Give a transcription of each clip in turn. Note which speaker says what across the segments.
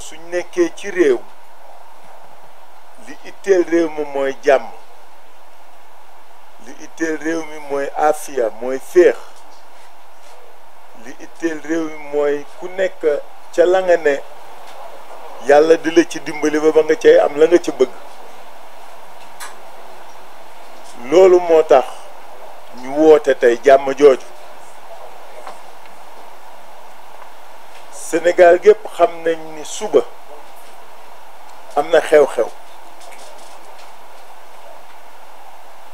Speaker 1: suñ nekkee ci réew li itteel réew mi mooy jàmm li itteel réew mi mooy afia mooy féex li itteel réew mi mooy ku nekk ca la nga ne yàlla di la ci dimbali ba ba nga cay am la nga ci bëgg loolu moo tax ñu woote tey jàmm jooju senegaal gépp xam nañ ni suba am na xew-xew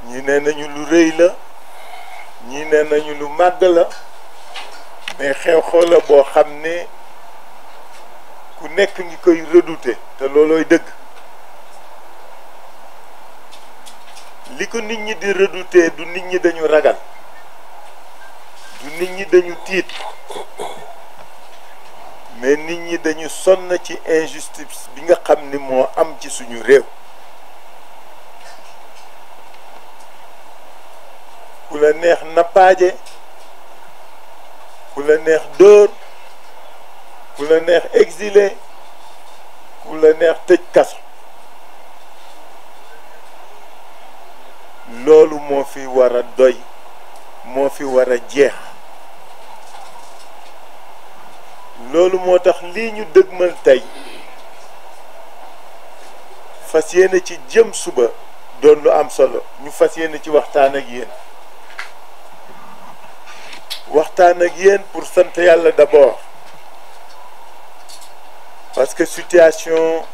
Speaker 1: ñi nee nañu lu rëy la ñii nee nañu lu màgg la mais xew-xew la boo xam ne ku nekk ngi koy redouter te loolooy dëgg li ko nit ñi di redouter du nit ñi dañu ragal du nit ñi dañu tiit mais nit ñi dañu sonn ci injustice bi nga xam ni moo am ci suñu réew ku la neex nappaaje ku la neex dóor ku la neex exile ku la neex tëj kaso loolu moo fi war a doy moo fi war a jeex loolu moo tax lii ñu dëgmal tey fas yéene ci jëm suba doon lu am solo ñu fas yéene ci waxtaan ak yéen waxtaan ak yéen pour sant yàlla d'abord parce que situation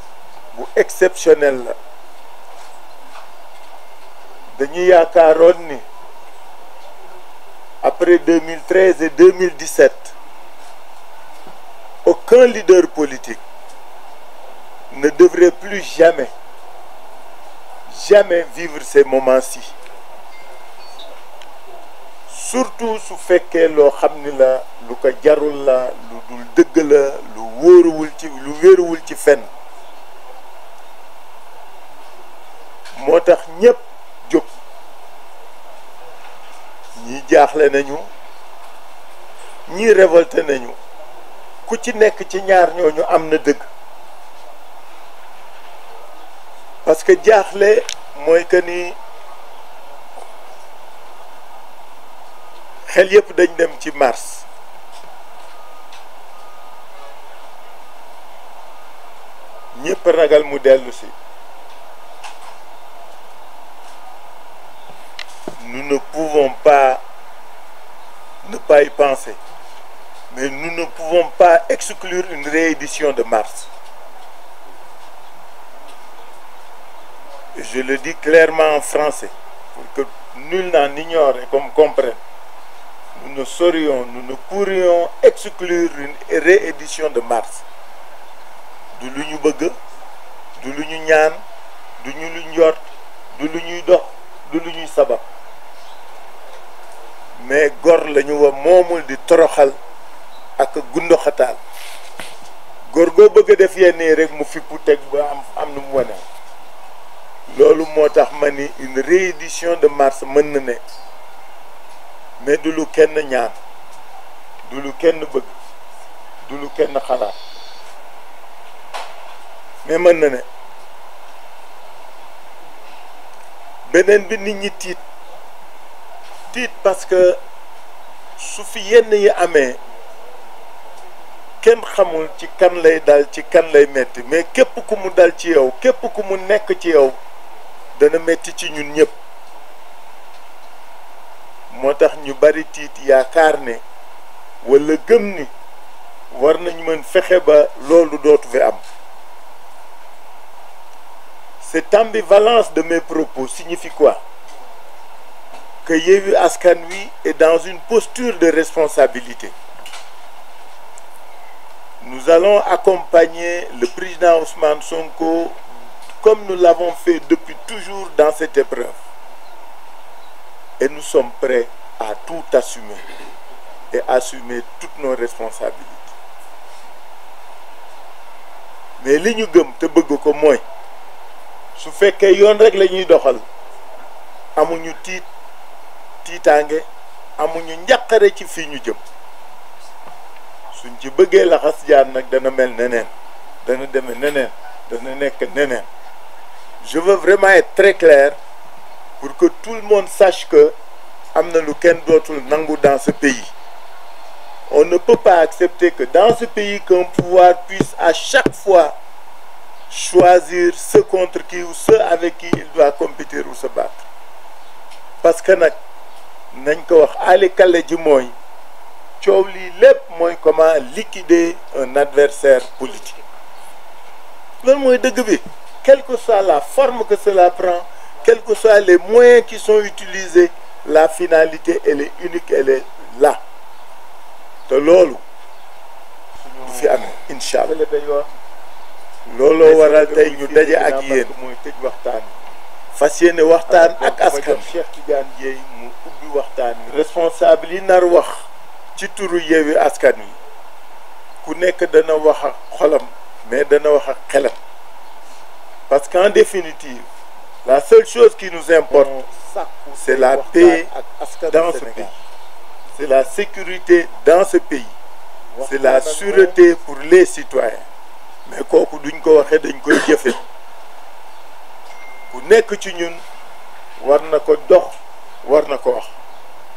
Speaker 1: bu exceptionnelle la dañu yaakaaroon ni après 2013 et 2017 aucun leader politique ne devrait plus jamais, jamais vivre ces moments-ci. surtout su fekkee loo xam ni la lu ko jarul la lu dul dëgg la lu wóoruwul ci lu wéeruwul ci fenn moo tax ñépp jóg ñi jaaxle nañu ñi révolté nañu ku ci nekk ci ñaar ñooñu am na dëgg parce que jaaxle mooy que ni xel yëpp dañ dem ci mars ñëpp ragal mu dellusi si nous ne pouvons pas ne pas y mais nous ne pouvons pas exclure une réédition de mars. Je le dis clairement en français, pour que nul n'en ignore et qu'on comprenne. Nous ne saurions, nous ne pourrions exclure une réédition de mars. du lu ñu bëgg du lu ñu ñaan du ñu lu njort du lu ñuy dox du lu ñuy sabab mais gor la ñu wa moomul di toroxal ak gundoxataal góor goo bëgg def yenn yi rek mu fippu teg ba am am nu mu wane loolu moo tax ma ni une réédition de mars mën na ne mais du lu kenn ñaan du lu kenn bëgg du lu kenn xalaat mais mën na ne beneen bi nit ñi tiit tiit parce que su fi yenn yi amee kenn xamul ci kan lay dal ci kan lay metti mais képp ku mu dal ci yow képp ku mu nekk ci yow dana metti ci ñun ñëpp moo tax ñu bari tiit yaakaar ne walla gëm ni war nañu mën fexe ba loolu dootu fi am cette valence de mes propos signifie quoi que Yewwi Askan Wi est dans une posture de responsabilité Nous allons accompagner le président Ousmane Sonko comme nous l'avons fait depuis toujours dans cette épreuve. Et nous sommes prêts à tout assumer et assumer toutes nos responsabilités. mais li ñu gëm te bëgg ko mooy su fekkee yoon rek la ñuy doxal amuñu tiit tiitaange amuñu njàqare ci fii ñu jëm suñ ci bëggee laxas jaan nag dana mel neneen dana deme neneen dana nekk neneen je veux vraiment être très clair pour que tout le monde sache que am na lu kenn dootul nangu dans ce pays on ne peut pas accepter que dans ce pays qu'un pouvoir puisse à chaque fois choisir ce contre qui ou ce avec qui il doit compétir ou se battre parce que nag nañ ko wax ali kale ji mooy coow lii lépp mooy comment liquider un adversaire politique loolu mooy dëgg bi quelle soit la forme que cela prend quels que soient les moyens qui sont utilisés la finalité elle est unique elle est te loolu du fi amee incha allah looloo waral tey ñu daje ak yéen mooy tëj waxtaan fas yéene waxtaan ak askan Cheikh Tidiane Dièye mu ubbi waxtaan yi nar wax ci turu Yewwi Askan Wi ku nekk dana wax ak xolam mais dana wax ak xelam parce que qu'en définitive la seule chose qui nous importe c'est la paix dans ce pays c'est la sécurité dans ce pays c'est la sûreté pour les citoyens mais kooku duñ ko waxee dañ koy jëfe ku nekk ci ñun war na ko dox war na ko wax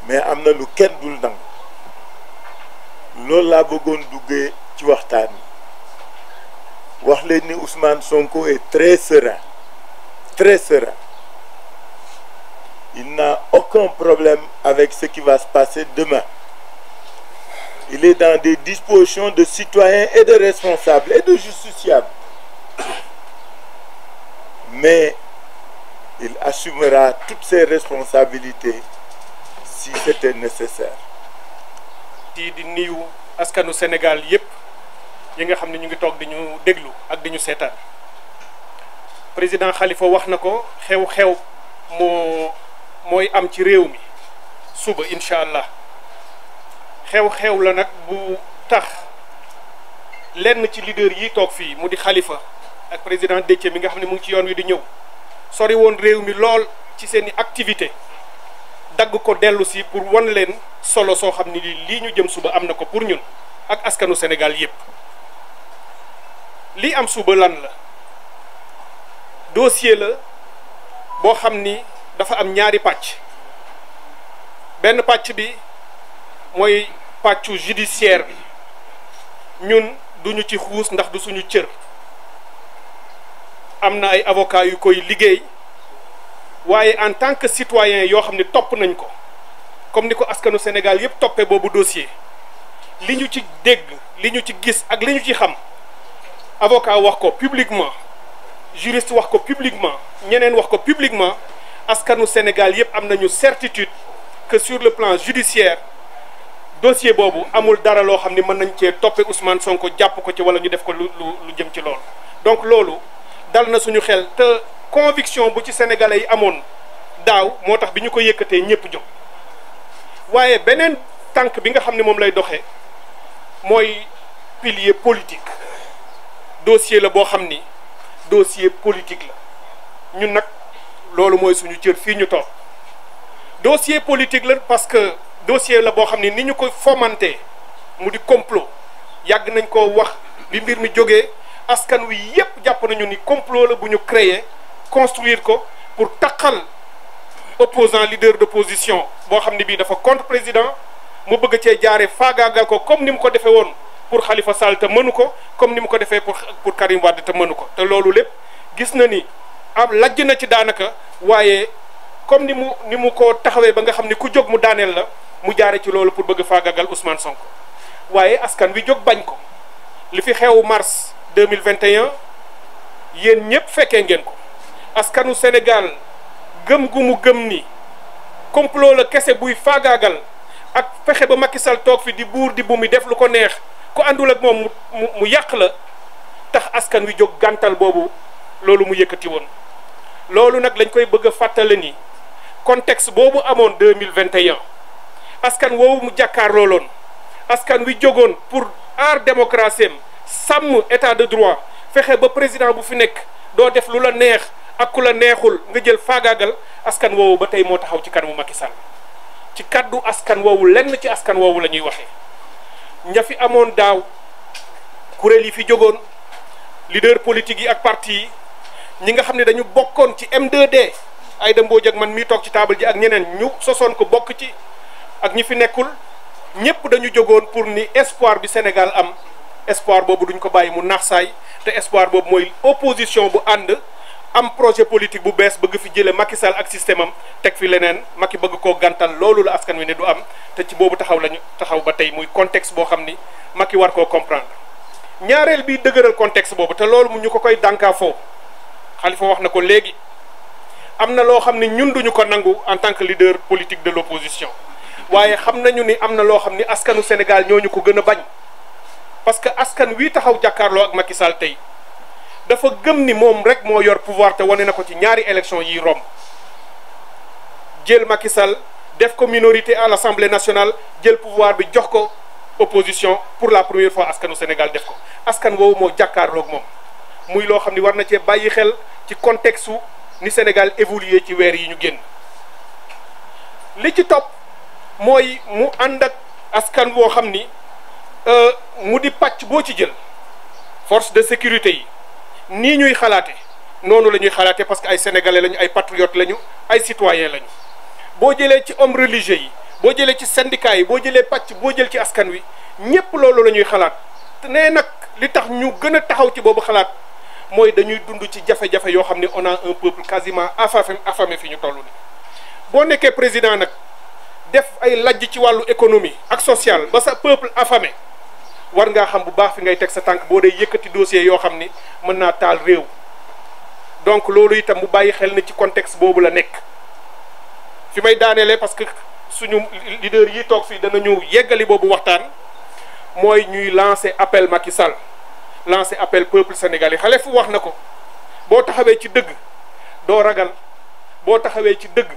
Speaker 1: mais am na lu kenn dul nangu loolu laa bëggoon duggee ci waxtaan wi wax leen ni Ousmane Sonko est très très serein il n'a aucun problème avec ce qui va se passer demain il est dans des dispositions de citoyens et de responsables et de justiciables mais il assumera toutes ses responsabilités si c'était nécessaire
Speaker 2: yi di nuyu askanu Sénégal yépp yi nga xam ne ñu ngi toog di ñu déglu ak di ñu seetaan président xalifa wax na ko xew-xew moo mooy am ci réew mi suba incha allah xew-xew la nag bu tax lenn ci leader yi toog fii mu di xalifa ak président Déthié mi nga xam ne mu ngi ci yoon wi di ñëw sori woon réew mi lool ci seeni activité dagg ko dellusi pour wan leen solo soo xam ne lii ñu jëm suba am na ko pour ñun ak askanu Sénégal yépp lii am suba lan la dossier la boo xam ni dafa am ñaari pàcc benn pàcc bi mooy pàccu judiciaire bi ñun duñu ci xuus ndax du suñu cër am na ay avocat yu koy liggéey waaye en tant que citoyen yoo xam ne topp nañ ko comme ni ko askanu Sénégal yëpp toppee boobu dossier li ñu ci dégg li ñu ci gis ak li ñu ci xam avocat wax ko publiquement juriste wax ko publiquement ñeneen wax ko publiquement askanu Sénégal yëpp am nañu certitude que sur le plan judiciaire dossier boobu amul dara loo xam ni mën nañ cee toppe Ousmane Sonko jàpp ko ci wala ñu def ko lu lu jëm ci lool donc loolu dal na suñu xel conviction bu ci sénégalais yi amoon daaw moo tax bi ñu ko yëkkatee ñëpp jóg waaye beneen tànk bi nga xam ne moom lay doxee mooy pilier politique dossier la boo xam ni dossier politique la ñun nag loolu mooy suñu cër fii ñu toog dossier politique la parce que dossier la boo xam ni ni ñu ko fomanté mu di complot yàgg nañ ko wax bi mbir mi jógee askan wi yépp jàpp nañu ni complot la bu ñu créer construire ko pour taqal opposant leader d'opposition boo xam ne bii dafa contre président mu bëgg cee jaare faagaagal ko comme ni mu ko defee woon pour xalifa Sall mënu ko comme ni mu ko defee pour pour Karim Wade te mënu ko te loolu lépp gis na ni am lajj na ci daanaka waaye comme ni mu ni mu ko taxawee ba nga xam ni ku jóg mu daaneel la mu jaare ci loolu pour bëgg faagaagal Ousmane Sonko waaye askan wi jóg bañ ko li fi xew mars 2021 yéen ñëpp fekkee ngeen ko askanu Sénégal gëm gu mu gëm ni complot la kese buy faagaagal ak fexe ba Macky Sall toog fi di buur di bu mi def lu ko neex ku àndul ak moom mu mu yàq la tax askan wi jóg gàntal boobu loolu mu yëkkati woon loolu nag lañ koy bëgg a fàttale ni contexte boobu amoon deux mille vingt et askan woowu mu jàkkaar looloon askan wi jógoon pour aar démocratie sàmm état de droit fexe ba président bu fi nekk doo def lu la neex ak ku la neexul nga jël faagaagal askan woowu ba tey moo taxaw ci kanamu Macky Sall ci kàddu askan woowu lenn ci askan woowu la ñuy waxee ña fi amoon daaw kuréel yi fi jógoon leader politique yi ak parti yi ñi nga xam ne dañu bokkoon ci m ay dem boo jag man mii toog ci taabal ji ak ñeneen ñu sosoon ko bokk ci ak ñi fi nekkul ñépp dañu jógoon pour ni espoir bi Sénégal am espoir boobu duñ ko bàyyi mu naxsaay te espoir boobu mooy opposition bu ànd am projet politique bu bees bëgg fi jëlee Macky Sall ak système am teg fi leneen maki bëgg koo gàntal loolu la askan wi ne du am te ci boobu taxaw lañu taxaw ba tey muy contexte boo xam ni Macky war koo comprendre ñaareel bi dëgëral contexte boobu te loolu mu ñu ko koy dànkaafoo xalifa wax na ko léegi am na loo xam ne ñun duñu ko nangu en tant que leader politique de l'opposition waaye xam nañu ni am na loo xam ni askanu Sénégal ñu ko gën a bañ parce que askan wi taxaw jàkkaarloo ak Macky Sall tey. dafa gëm ni moom rek moo yor pouvoir te wane na ko ci ñaari élection yi romb jël Macky Sall def ko minorité à l'Assemblée nationale jël pouvoir bi jox ko opposition pour la première fois askanu Sénégal def ko askan woowu moo jàkkaarloog moom muy loo xam ni war na cee bàyyi xel ci contexte su ni Sénégal évolué ci weer yi ñu génn li ci topp mooy mu ànd ak askan woo xam ni euh, mu di pàcc boo ci jël force de sécurité yi nii ñuy xalaate noonu la ñuy xalaate parce que ay sénégalais lañu ay patriotes lañu ay citoyens lañu boo jëlee ci homme religieux yi boo jëlee ci syndicat yi boo jëlee pàcc boo jël ci askan wi ñépp loolu la ñuy xalaat ne nag li tax ñu gën a taxaw ci boobu xalaat mooy dañuy dund ci jafe-jafe yoo xam ne on a un peuple quasiment affamé affamé fi ñu toll ni boo nekkee président nag def ay lajj ci wàllu économie ak sociale ba sa peuple affamé war ngaa xam bu baax fi ngay teg sa tànk boo dee yëkkati dossier yoo xam ni mën naa taal réew donc loolu itam mu bàyyi xel na ci contexte boobu la nekk fi may daaneele parce que suñu leader yi toog fii dana danañu yeggali boobu waxtaan mooy ñuy lancer appel Macky Sall lancer appel peuple yi xale fu wax na ko boo taxawee ci dëgg doo ragal boo taxawee ci dëgg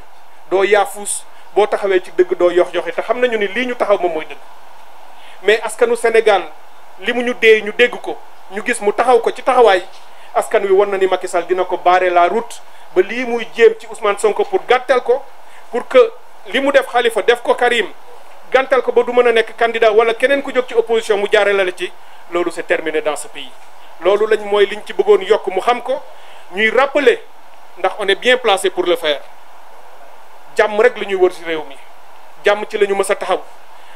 Speaker 2: doo yaafuus boo taxawee ci dëgg doo yox yoxi te xam nañu ni lii ñu taxaw moom mooy dëgg mais askanu Sénégal li mu ñu dee ñu dégg ko ñu gis mu taxaw ko ci taxawaay askan wi war na ni Macky Sall dina ko barrer la route ba lii muy jéem ci Ousmane Sonko pour gàttal ko pour que li mu def Khalifa def ko Karim gàntal ko ba du mën a nekk candidat wala keneen ku jóg ci opposition mu jaaree la ci loolu c'est terminé dans ce pays loolu lañ mooy liñ ci bëggoon yokk mu xam ko ñuy rappeler ndax on bien placé pour le faire jàmm rek la ñuy wër ci réew mi jàmm ci la ñu mës a taxaw.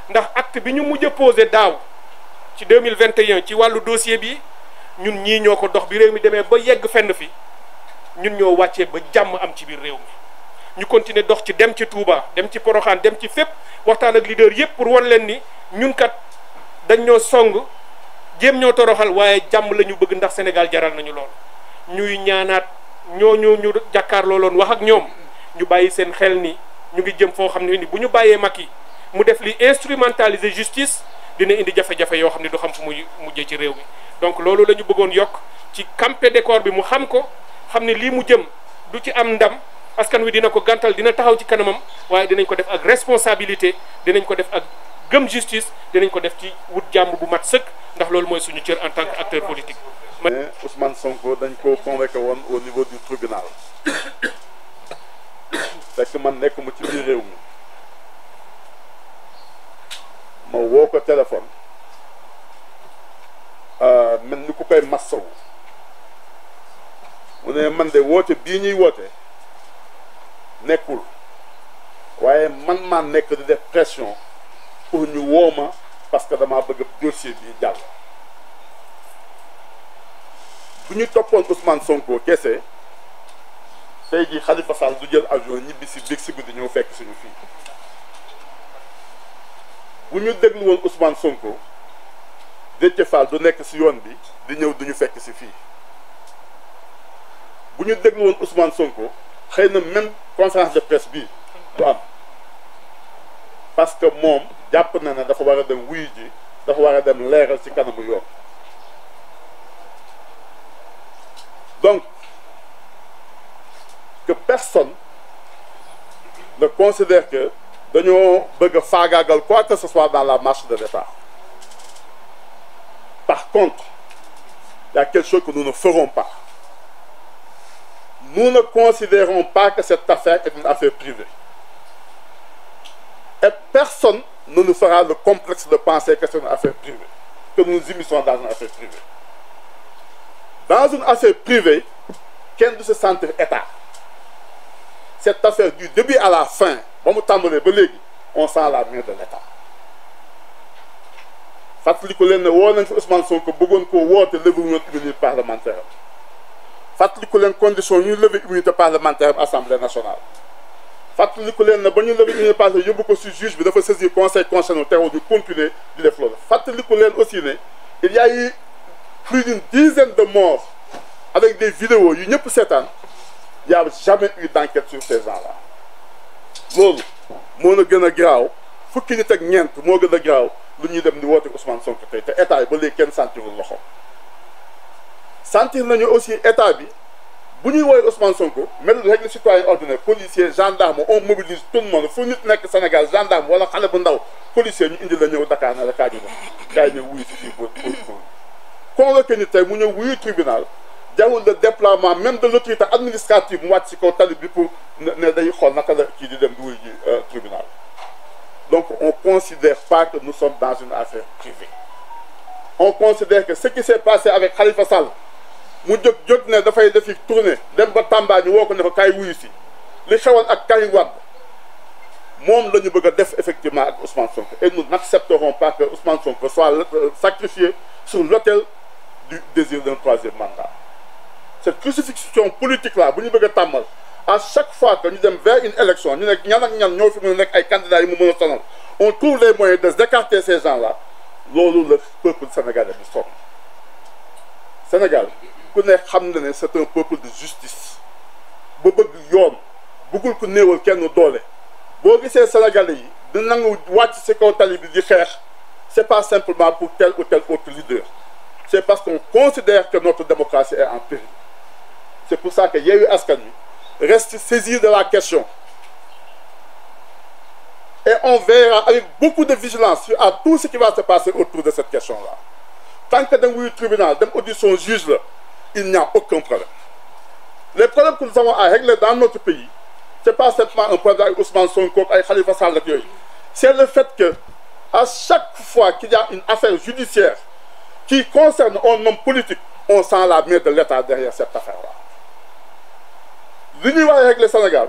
Speaker 2: ndax acte bi ñu mujj a daaw ci mille vingt 2021 ci wàllu dossier bi ñun ñii ñoo ko dox bi réew mi demee ba yegg fenn fi ñun ñoo wàccee ba jàmm am ci biir réew mi ñu continuer dox ci dem ci Touba dem ci Poroxaan dem ci fépp waxtaan ak leader yépp pour wan leen ni ñunkat dañ ñoo song jéem ñoo toroxal waaye jàmm la ñu bëgg ndax Sénégal jaral nañu lool ñuy ñaanaat ñooñu ñu jàkkaarloo loon wax ak ñoom ñu bàyyi seen xel ni ñu ngi jëm foo xam ne ni bu ñu bàyyee mag yi mu def li instrumentaliser justice dina indi jafe-jafe yoo xam ne du xam fu muy mujjee ci réew mi donc loolu lañu bëggoon yokk ci campé décor bi mu xam ko xam ne lii mu jëm du ci am ndam askan wi dina ko gantal dina taxaw ci kanamam waaye dinañ ko def ak responsabilité dinañ ko def ak gëm justice dinañ ko def ci wut jàmm bu mat sëkk ndax loolu mooy suñu cër en tant que
Speaker 3: acteur politique. mais Ousmane Sonko dañ ko convoqué woon gii ñuy woote nekkul waaye man maa nekk di def pression pour ñu woo ma parce que damaa bëgg dossier bi jàll. bu ñu toppoon Ousmane Sonko kese tey jii Khalifa Sall du jël avion ñibbi si biig si guddi ñëw fekk suñu fii bu ñu déglu woon Ousmane Sonko Déthié Fall du nekk si yoon bi di ñëw duñu fekk si fii. bu ñu déglu woon Ousmane Sonko xëy na même conférence de presse bii du am parce que moom jàpp na ne dafa war a dem wuyu ji dafa war a dem leeral ci kanamu yoon donc que personne ne considère que dañoo bëgg a faagaagal quoi que ce soit dans la marche de départ par contre il y chose que nous ne ferons pas nous ne considérons pas que cette affaire est une affaire privée. Et personne ne nous fera le complexe de penser que c'est une affaire privée, que nous nous immisçons dans une affaire privée. Dans une affaire privée, qu'un de se sentir État. Cette affaire du début à la fin, on sent la main de l'État. fàttali ko leen ne woo nañ fi Ousmane Sonko bëggoon koo woote levée minute parlementaire fàttaliku leen condition ñu lever immunité parlementaire assemblée nationale fàttaliku leen na ba ñu lever immunité parlementaire yóbbu ko si juge bi dafa saisir conseil concerné teewul ñu continuer di def loolu fàttaliku leen aussi ne il y a eu plus d'une de morts avec des vidéos yu ñëpp seetaan y a jamais eu d'enquête sur ces gens-là loolu moo na gën a garaaw fukki nit ak ñeent moo gën a garaaw lu ñuy dem ni woote Ousmane Sonko tey te état yi ba léegi kenn sentirul loxo sentir nañu aussi état bi bu ñuy woowee Ousmane Sonko mel rek le citoyen ordinaire policier gendarme on mobilise tout le monde fu nit nekk Sénégal gendarme wala xale bu ndaw policier ñu indi la ñëw Dakar na la kaaju la gars yi ñëw wuyu si fii pour pour convoqué nit tey mu ñëw wuyu tribunal jarul le déploiement même de l'autorité administrative mu wàcc si kaw tali bi pour ne day xool naka la kii di dem di wuyu ji euh, tribunal donc on considère pas que nous sommes dans une affaire privée on considère que ce qui s'est passé avec Khalifa mu jóg jóg ne dafay defi tournée dem ba Tamba ñu woo ko ne ko kaay wuyu si li xewoon ak Karim Wade moom la ñu bëgg a def effectivement ak Ousmane Sonko et nous n'accepterons pas que Ousmane Sonko soit euh, sacrifié sur l'autel du désir d'un troisième mandat cette crucifixion politique là bu ñu bëgg a tàmmal à chaque fois que ñu dem vers une élection ñu nekk ñan ak ñan ñoo fi mën a nekk ay candidats yi mu mën a sonal on trouve les moyens de d'écarter ces gens là loolu le peuple sénégalais bi sonn Sénégal ku ne xam na ne c'est un peuple de justice ba bëgg yoon bëggul ku néewal kenn doole boo gisee sénégalais yi di nangu wàcc ci tali bi di xeex c'est pas simplement pour tel ou tel autre leader c'est parce qu'on considère que notre démocratie est en péril c'est pour ça que Yewwi Askan Wi reste saisi de la question e on verra avec beaucoup de vigilance à tout ce qui va se passer autour de cette question-là tant que da nga wuyu tribunal dem audition juge la il n'y a aucun problème. Les problèmes que nous avons à régler dans notre pays, ce n'est pas simplement un problème avec Ousmane Sonko, Khalifa Saleh, c'est le fait que à chaque fois qu'il y a une affaire judiciaire qui concerne un homme politique, on sent la main de l'État derrière cette affaire-là. L'Union avec le Sénégal,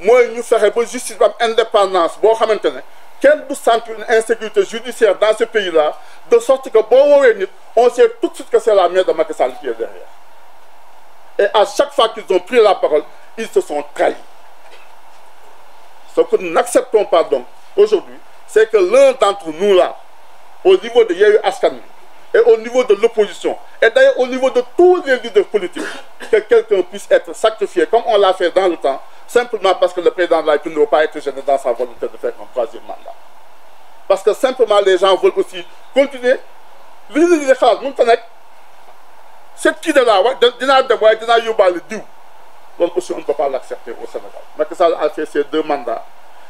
Speaker 3: moi, nous ferait pour justice indépendance, bon, kenn du sentir une insécurité judiciaire dans ce pays-là de sorte que boo woowee on sait tout de suite que c'est la mère de Macky Sall qui derrière et à chaque fois qu'ils ont pris la parole ils se sont trahis ce que nous n'acceptons pas donc aujourd'hui c'est que l'un d'entre nous là au niveau de Yewwi Askan Wi et au niveau de l'opposition et d'ailleurs au niveau de tous les leaders politiques que quelqu'un puisse être sacrifié comme on l'a fait dans le temps simplement parce que le président de la République ne dans sa volonté de faire un troisième mandat. Parce que simplement les gens veulent aussi continuer. li ñu di xalaat mënut a nekk cette kii de là wax dinaa dem waaye dinaa yóbbaale diw loolu aussi on ne peut pas l'accepter au Sénégal Macky Sall a fait ses deux mandats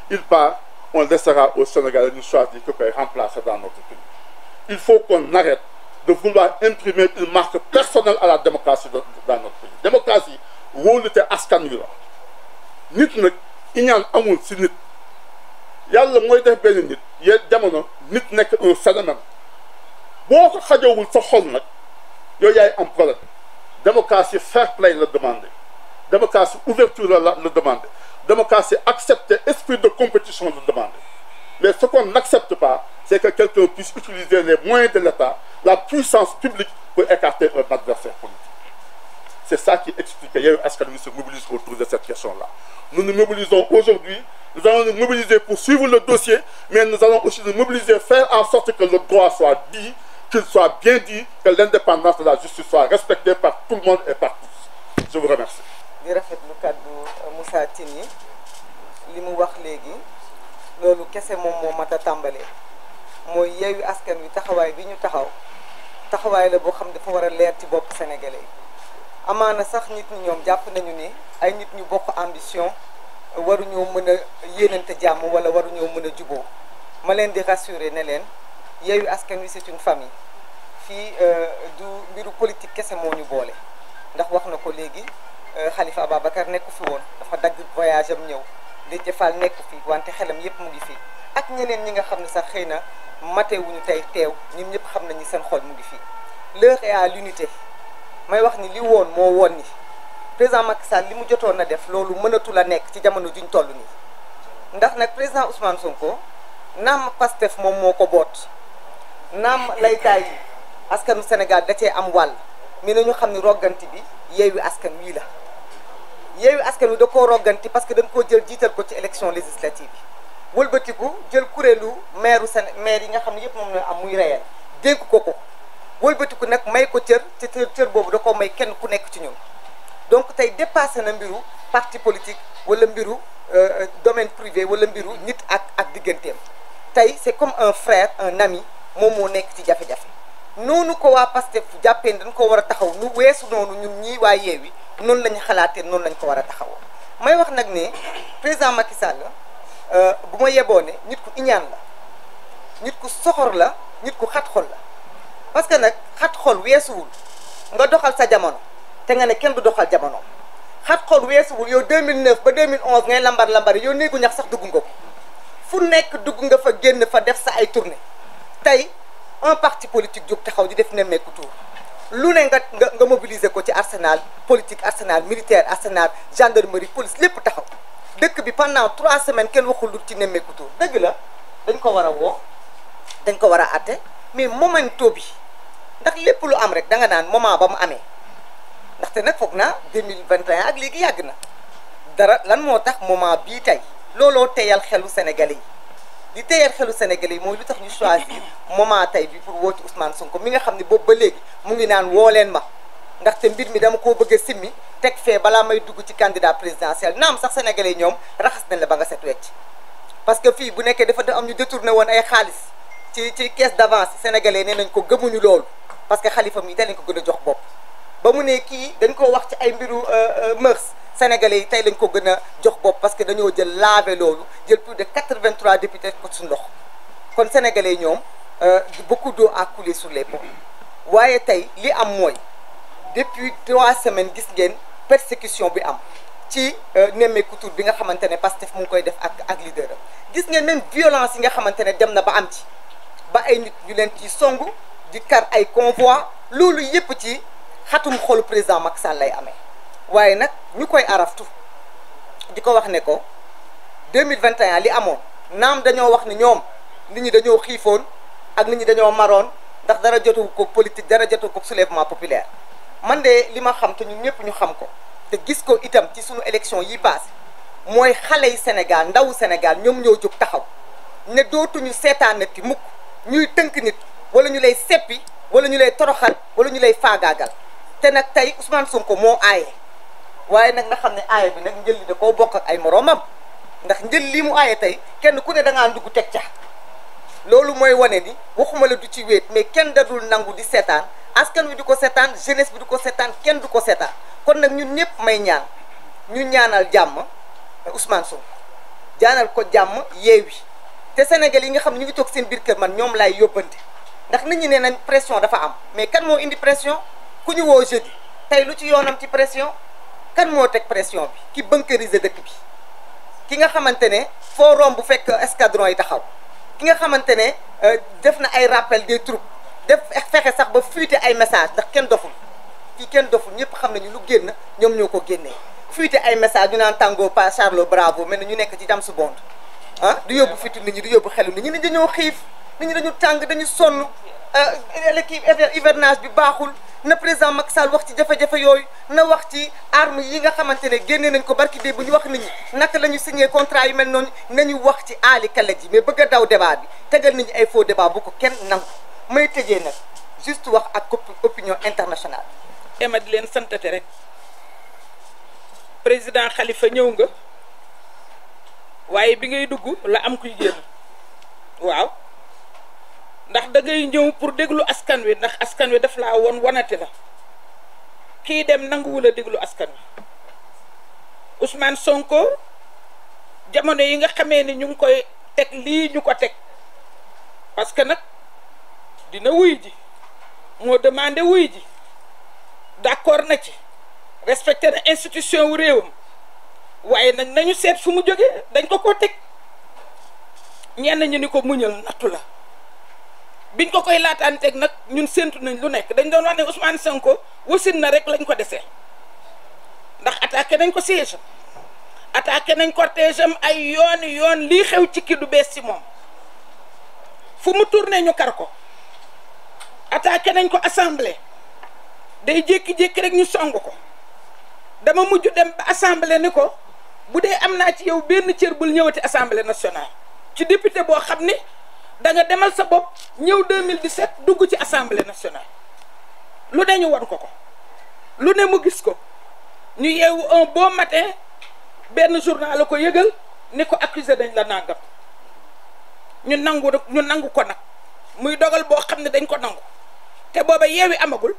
Speaker 3: il part on laissera au Sénégal ñu choisir ku koy remplacer dans notre pays il faut qu'on arrête de vouloir imprimer une marque personnelle à la démocratie dans nit nag iñaan amul si nit yàlla mooy def benn nit yéen jamono nit nekk un phénomène boo ko xajowul fa xol nag yow yaay am problème démocratie fair play la demandé démocratie ouverture la la demandé démocratie accepter esprit de compétition la demandé mais ce qu'on n'accepte pas c'est que quelqu'un puisse utiliser les moyens de l'État la puissance publique pour écarter un adversaire politique C'est ça qui explique que Yahya se mobilise autour de cette question-là. Nous nous mobilisons aujourd'hui, nous allons nous mobiliser pour suivre le dossier, mais nous allons aussi nous mobiliser, faire en sorte que le droit soit dit, qu'il soit bien dit, que l'indépendance de la justice soit respectée par tout le monde et par tous. Je vous remercie.
Speaker 4: di rafetlu kàddu euh, Moussa Tine li mu wax léegi loolu kese moom moo mat a tàmbalee mooy yeewu askan wi taxawaay bi ñu taxaw taxawaay la boo xam dafa war a leer ci bopp sénégalais amaana sax nit ñi ñoom jàpp nañu ni ay nit ñu bokk ambition waruñoo mën a yéenante jàmm wala waruñoo mën a juboo ma leen di rassurer ne leen Yewwi Askan Wi c'est famille fii euh, du mbiru politique kese moo ñu boole ndax wax na ko léegi euh, Khalifa Ababacar nekku fi woon dafa dagg voyage am ñëw Déthié Fall nekku fi wante xelam yépp mu ngi fi ak ñeneen ñi nga xam ne sax xëy na matewuñu tey teew ñun ñëpp xam nañu seen xol mu ngi fii l'heure est à l'unité may wax ni li woon moo woon ni président Macky Sall li mu jotoon a def loolu mënatul a nekk ci jamono juñ toll nii ndax nag président Ousmane Sonko naam Pastef moom moo ko boot naam laytaay yi askanu Sénégal da cee am wàll mi ñu xam ni rogganti bi yeewi askan wii la yeewi askan wi da koo roganti parce que dañ koo jël jiital ko ci élection législative bi wëlbatiku jël kuréelu maire Séné maire yi nga xam ne yëpp moom la am muy reyal dégg ko ko. wëlbatiku nag may ko cër te cër boobu da ko may kenn ku nekk ci ñun donc tey dépassé na mbiru parti politique wala mbiru euh, euh, domaine privé wala mbiru nit ak ak digganteem tey c'est comme un frère un ami moom moo nekk ci jafe-jafe noonu ko waa Pastef jàppee dañ ko war a taxaw nu weesu noonu ñun ñii waa Yewwi noonu lañu xalaatee noonu lañ ko war a taxaw may wax nag ne président Macky Sall euh, bu ma yeboo ne nit ku iñaan la nit ku soxor la nit ku xat la parce que nag xat xol weesuwul nga doxal sa jamono te nga ne kenn du doxal jamono xat xol weesuwul yow 2009 ba 2011 ngay lambar lambar yow néegu ñax sax dugg nga ko fu nekk dugg nga fa génn fa def sa ay tournée tey un parti politique jóg taxaw di def nemmeeku tour lu ne nga nga nga mobiliser ko ci arsenal politique arsenal militaire arsenal gendarmerie police lépp taxaw dëkk bi pendant trois semaines kenn waxul lu ci nemmeeku tour dëgg la dañ ko war a woo dañ ko war a atte mais momento bi ndax lépp lu am rek da nga naan moment ba mu amee ndaxte nag foog naa 2021 ak léegi yàgg na dara lan moo tax moment bii tey looloo teyal xelu Sénégalais yi li teyal xelu Sénégalais yi mooy lu tax ñu choisir moment tey bi pour woo ci Ousmane Sonko mi nga xam ni boobu ba léegi mu ngi naan woo leen ma ndaxte mbir mi dama koo bëgg simmi teg fee balaa may dugg ci candidat présidentiel naam sax sénégalais ñoom raxas nañ la ba nga set wecc parce que fii bu nekkee dafa am ñu détourné woon ay xaalis. ci ci caisse d'avance sénégalais nee nañ ko gëmuñu loolu parce que xalifa mi tey lañ ko gën a jox bopp ba mu ne kii dañ ko wax ci ay mbiru euh, euh, mœurs sénégalais yi tey lañ ko gën a jox bopp parce que dañoo jël laabe loolu jël plus de 83 députés ko suñ loxo kon sénégalais ñoom euh, beaucoup d'eau a coulé sur les ponts waaye tey li am mooy depuis trois semaines gis ngeen persécution bi am ci nemmeeku tur bi nga xamante ne Pastef mu ngi koy def ak ak gis ngeen même violence yi nga xamante ne dem na ba am ba ay nit ñu leen ci songu di kar ay convoi loolu yépp ci xatum xolu président Macky Sall lay amee waaye nag ñu koy araftu di ko wax ne ko 2021 li amoon naam dañoo wax ne ñoom nit ñi dañoo xiifoon ak nit ñi dañoo maroon ndax dara jotu ko politique dara jotu ko soulèvement populaire man de li ma xam te ñun ñëpp ñu xam ko te gis ko itam ci suñu élection yi passé mooy xale yi Sénégal ndaw Sénégal ñoom ñoo jóg taxaw ne dootuñu seetaan seetaanati mukk ñuy tënk nit wala ñu lay seppi wala ñu lay toroxal wala ñu lay faagaagal te nag tey Ousmane ko moo aaye waaye nag nga xam ne aaye bi nag njël li da koo bokk ay moroomam ndax njël lii mu aaye tey kenn ku ne da ngaa dugg teg ca loolu mooy wane ni waxuma la du ci wéet mais kenn dadul nangu di seetaan askan wi di ko seetaan jeunesse bi di ko seetaan kenn du ko seetaan kon nag ñun ñëpp may ñaan ñu ñaanal jàmm Ousmane Sonko jaanal ko jàmm yeewi te Sénégal yi nga xam ñu ngi toog seen biir kër man ñoom laay yóbbante ndax nit ñi nee nañ pression dafa am mais kan moo indi pression ku ñu woo jeudi tey lu ci yoonam ci pression kan moo teg pression bi ki bunkériser dëkk bi ki nga xamante ne foo romb bu fekk escadron yi taxaw ki nga xamante ne euh, def na ay rappel des troupes def fexe sax ba fuite ay message ndax kenn doful kii kenn doful ñëpp xam nañu lu génn ñoom ñoo ko génnee fuite ay message ñu naan tàngoo pa Charles Bravo mel na ñu nekk ci James Bond ah du yóbbu fitu nit ñi du yóbbu xelu nit ñi nit ñi dañoo xiif nit ñi dañu tàng dañu sonn euh, l'équipe hivernage bi baaxul na président Macky Sall wax ci jafe-jafe yooyu na wax ci arme yi nga xamante ne génnee nañ ko barki dee bu ñu wax nit ñi naka la ñu signé contrat yu mel noonu nañu wax ci aali kala ji mais bëgg a daw débat bi tegal nit ñi ay faux débat bu ko kenn nangu may tëjee nag juste wax ak opinion internationale. Emma di leen santate rek président Khalifa ñëw nga.
Speaker 5: waaye bi ngay dugg la am kuy jën waaw ndax da njëw pour déglu askan wi ndax askan wi def laa won wanati la kii dem nanguwul a déglu askan wi Ousmane Sonko jamono yi nga xamee ni ñu ngi koy teg lii ñu ko teg parce que nag dina wuy ji moo demande wuy ji d'accord na ci respecté na institution wu réewam waaye nag nañu seet fu mu jóge dañ ko ko teg ñenn ñu ni ko muñal nattu la biñ ko koy laataan teg nag ñun séentu nañ lu nekk dañ doon wax ne Ousmane Sonko wasin na rek lañ ko desee ndax attaqué nañ ko siège am attaqué nañ cortège am ay yoon yoon lii xew ci kii du bees ci moom fu mu tourné ñu kar ko attaqué nañ ko assemblée day jékki-jékki rek ñu song ko dama mujj dem ba assemblée ni ko bu dee am naa ci yow benn cër bul ñëwati assemblée nationale ci député boo xam ni da demal sa bopp ñëw 2017 dugg ci assemblée nationale lu ne ñu war ko ko lu ne mu gis ko ñu yeewu un beau matin benn journal la ko yëgal ni ko accusé dañ la nàngam ñu nangu ñu nangu ko nag muy dogal boo xam ne dañ ko nangu te booba yeewi amagul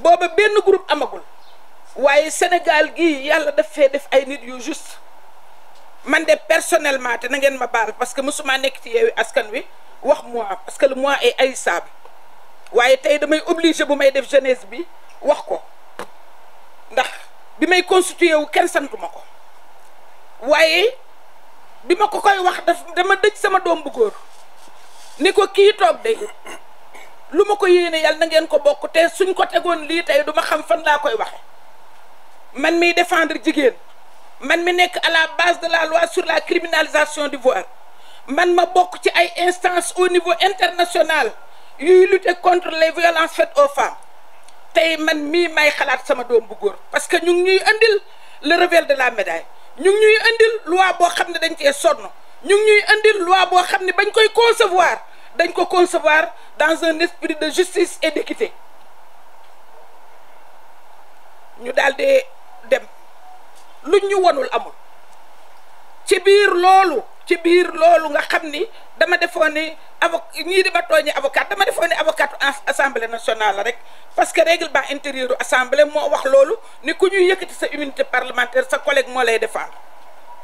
Speaker 5: booba benn groupe amagul waaye Sénégal gii yàlla def fee def ay nit yu juste man de personnellement te na ngeen ma baal parce que mosuma nekk ci Yewwi Askan Wi wax moi parce que le moi ay haïssable waaye tey damay obligé bu may def jeunesse bi wax ko ndax bi may constitué wu kenn santu ma ko waaye bi ma ko koy wax daf dama dëj sama doom bu góor ni ko kii toog de lu ma ko yéene yàlla na ngeen ko bokk te suñ ko tegoon lii tey duma xam fan laa koy waxe man mi défendre jigéen man mi nekk à la base de la loi sur la criminalisation du viol man ma bokk ci ay instances au niveau international yuy lutter contre les violences faites aux femmes tey man mii may xalaat sama doom bu góor parce que ñu ngi ñuy andil le revers de la médaille ñu ngi ñuy andil loi boo xam ne dañ cee sonn ñu ngi ñuy andil loi boo xam ne bañ koy concevoir dañ ko concevoir dans un esprit de justice et d'équité ñu daal lu ñu wanul amul ci biir loolu ci biir loolu nga xam ni dama defoon ni avo ñii di ma tooñi avocat dama defoon ni avocat assemblée nationale la rek parce que ba intérieur assemblée moo wax loolu ni ku ñuy yëkkati sa immunité parlementaire sa collègue moo lay défendre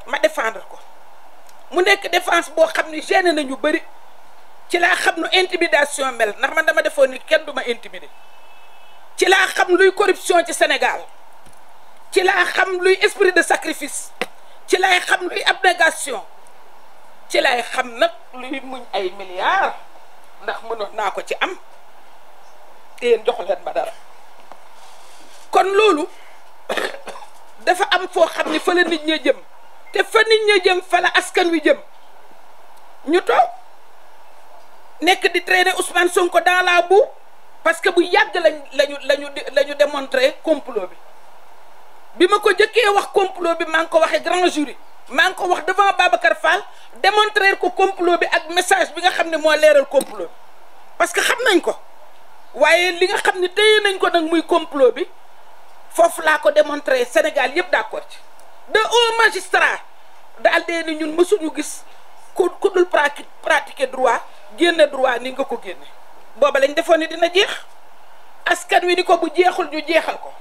Speaker 5: ma défendre ko mu nekk défense boo xam ni gêné nañu bëri ci laa xam nu intimidation mel ndax man dama defoon ni kenn du ma intimider ci laa xam luy corruption ci Sénégal ci laa xam luy esprit de sacrifice ci lay xam luy abnégation ci lay xam nag luy muñ ay milliards ndax mënoon naa ko ci am te yéen joxu leen kon loolu dafa am foo xam ni fa la nit ña jëm te fa nit ña jëm fa la askan wi jëm ñu toog nekk di traîner Ousmane Sonko dans la parce que bu yàgg lañ lañu lañu lañu démontrer complot bi bi ma ko jëkkee wax complot bi maa ngi ko waxee grand jury maa ngi ko wax devant Babacar Fall démontrer ko complot bi ak message bi nga xam ne moo leeral complot bi parce que xam nañ ko waaye li nga xam ne téye nañ ko nag muy complot bi foofu laa ko démontrer Sénégal yëpp d'accord ci de haut magistrat daal dee ne ñun mësuñu gis ku ku dul pratiquer droit génne droit ni nga ko génne booba lañ defoon ni dina jeex askan wi ni ko bu jeexul ñu jeexal ko